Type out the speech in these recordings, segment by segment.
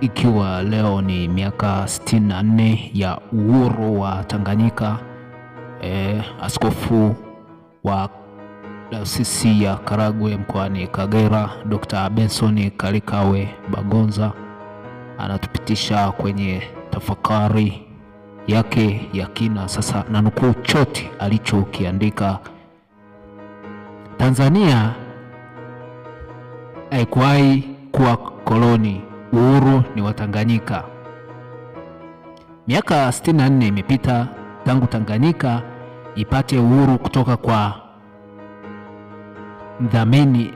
ikiwa leo ni miaka 64 ya uhuru wa Tanganyika, e, askofu wa Dayosisi ya Karagwe mkoani Kagera, Dr. Benson Kalikawe Bagonza anatupitisha kwenye tafakari yake ya kina. Sasa na nukuu chote alichokiandika: Tanzania haikuwahi kuwa koloni uhuru ni wa Tanganyika. Miaka 64 imepita tangu Tanganyika ipate uhuru kutoka kwa mdhamini,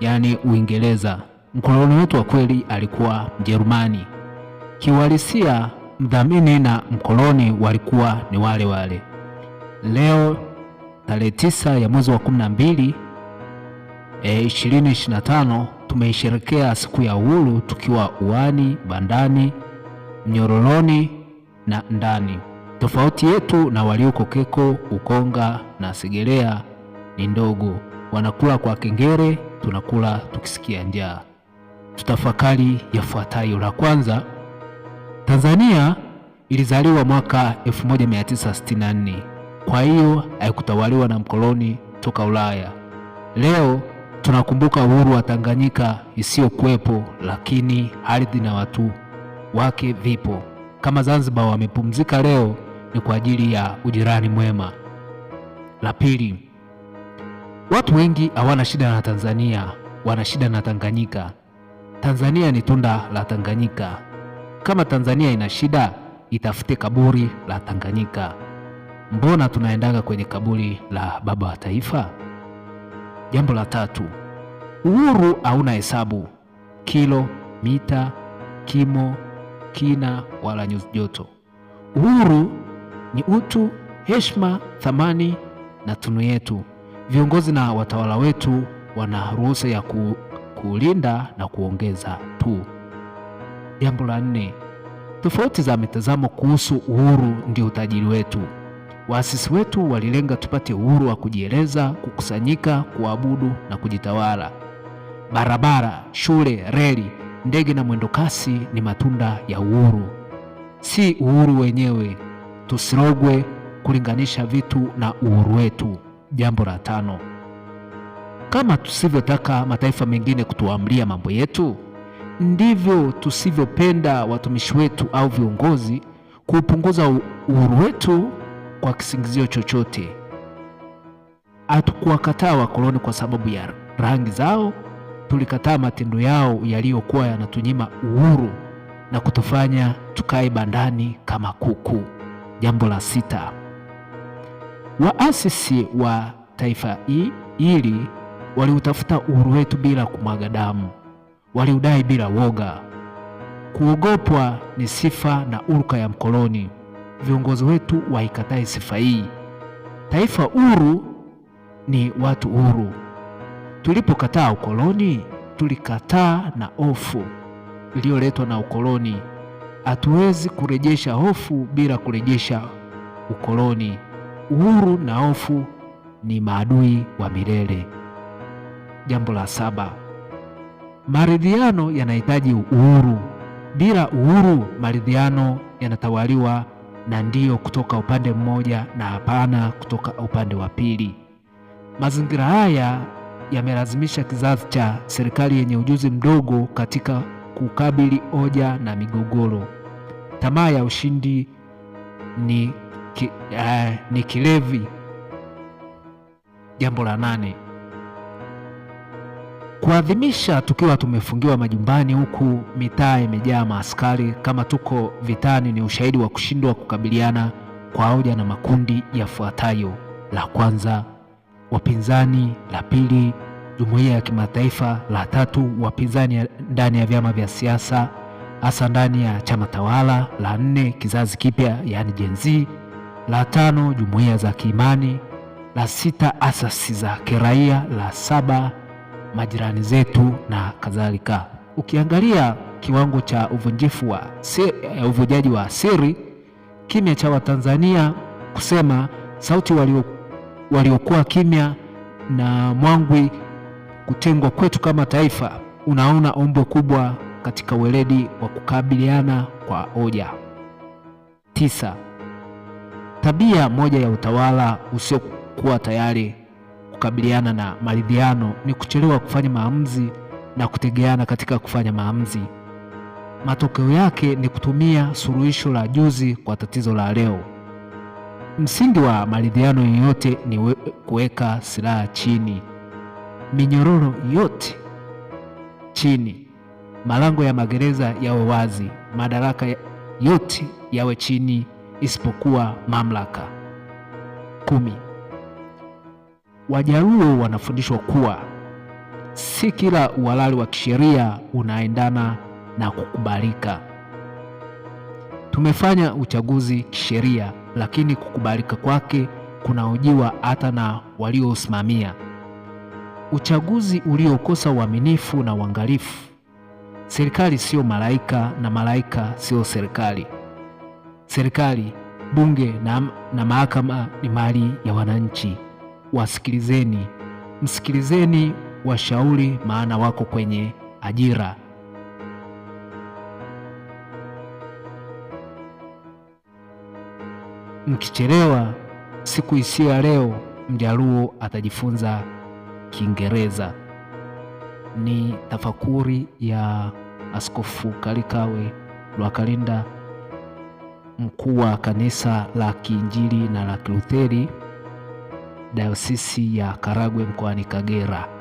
yaani Uingereza. Mkoloni wetu wa kweli alikuwa Mjerumani. Kiuhalisia, mdhamini na mkoloni walikuwa ni wale wale. Leo tarehe tisa ya mwezi wa 12 e, 2025 tumeisherekea siku ya uhuru tukiwa uani, bandani, mnyororoni na ndani. Tofauti yetu na walioko Keko, Ukonga na Segerea ni ndogo. Wanakula kwa kengere, tunakula tukisikia njaa. Tutafakari yafuatayo. La kwanza, Tanzania ilizaliwa mwaka 1964 kwa hiyo haikutawaliwa na mkoloni toka Ulaya. Leo Tunakumbuka uhuru wa Tanganyika isiyokuwepo, lakini ardhi na watu wake vipo. Kama Zanzibar wamepumzika leo, ni kwa ajili ya ujirani mwema. La pili, watu wengi hawana shida na Tanzania, wana shida na Tanganyika. Tanzania ni tunda la Tanganyika. Kama Tanzania ina shida, itafute kaburi la Tanganyika. Mbona tunaendaga kwenye kaburi la baba wa taifa? Jambo la tatu, uhuru hauna hesabu: kilo, mita, kimo, kina wala nyuzi joto. Uhuru ni utu, heshima, thamani na tunu yetu. Viongozi na watawala wetu wana ruhusa ya ku, kuulinda na kuongeza tu. Jambo la nne, tofauti za mitazamo kuhusu uhuru ndio utajiri wetu. Waasisi wetu walilenga tupate uhuru wa kujieleza, kukusanyika, kuabudu na kujitawala. Barabara, shule, reli, ndege na mwendokasi ni matunda ya uhuru, si uhuru wenyewe. Tusirogwe kulinganisha vitu na uhuru wetu. Jambo la tano, kama tusivyotaka mataifa mengine kutuamlia mambo yetu, ndivyo tusivyopenda watumishi wetu au viongozi kuupunguza uhuru wetu kwa kisingizio chochote. Hatukuwakataa wakoloni kwa sababu ya rangi zao, tulikataa matendo yao yaliyokuwa yanatunyima uhuru na kutufanya tukae bandani kama kuku. Jambo la sita, waasisi wa taifa hili waliutafuta uhuru wetu bila kumwaga damu, waliudai bila woga. Kuogopwa ni sifa na uruka ya mkoloni viongozi wetu waikatae sifa hii. Taifa huru ni watu huru. Tulipokataa ukoloni, tulikataa na hofu iliyoletwa na ukoloni. Hatuwezi kurejesha hofu bila kurejesha ukoloni. Uhuru na hofu ni maadui wa milele. Jambo la saba, maridhiano yanahitaji uhuru. Bila uhuru, maridhiano yanatawaliwa na ndio kutoka upande mmoja na hapana kutoka upande wa pili. Mazingira haya yamelazimisha kizazi cha serikali yenye ujuzi mdogo katika kukabili hoja na migogoro. Tamaa ya ushindi ni, ki, uh, ni kilevi. Jambo la nane kuadhimisha tukiwa tumefungiwa majumbani huku mitaa imejaa maaskari kama tuko vitani ni ushahidi wa kushindwa kukabiliana kwa hoja na makundi yafuatayo: la kwanza, wapinzani; la pili, jumuiya ya kimataifa; la tatu, wapinzani ndani ya vyama vya siasa, hasa ndani ya chama tawala; la nne, kizazi kipya, yaani Gen Z; la tano, jumuiya za kiimani; la sita, asasi za kiraia; la saba majirani zetu na kadhalika. Ukiangalia kiwango cha uvunjifu wa eh, uvujaji wa siri, kimya cha Watanzania kusema sauti, waliokuwa walio kimya na mwangwi kutengwa kwetu kama taifa, unaona ombo kubwa katika weledi wa kukabiliana kwa hoja. Tisa, tabia moja ya utawala usiokuwa tayari kukabiliana na maridhiano ni kuchelewa kufanya maamuzi na kutegeana katika kufanya maamuzi. Matokeo yake ni kutumia suluhisho la juzi kwa tatizo la leo. Msingi wa maridhiano yoyote ni kuweka silaha chini, minyororo yote chini, malango ya magereza yawe wazi, madaraka yote yawe chini isipokuwa mamlaka kumi. Wajaluo wanafundishwa kuwa si kila uhalali wa kisheria unaendana na kukubalika. Tumefanya uchaguzi kisheria, lakini kukubalika kwake kunaojiwa hata na waliosimamia Uchaguzi uliokosa uaminifu na uangalifu. Serikali sio malaika na malaika sio serikali. Serikali, bunge na, na mahakama ni mali ya wananchi wasikilizeni, msikilizeni washauri, maana wako kwenye ajira. Mkichelewa siku isiyo ya leo, Mjaluo atajifunza Kiingereza. Ni tafakuri ya Askofu Kalikawe Lwakalinda, mkuu wa kanisa la Kiinjili na la Kilutheri dayosisi ya Karagwe mkoani Kagera.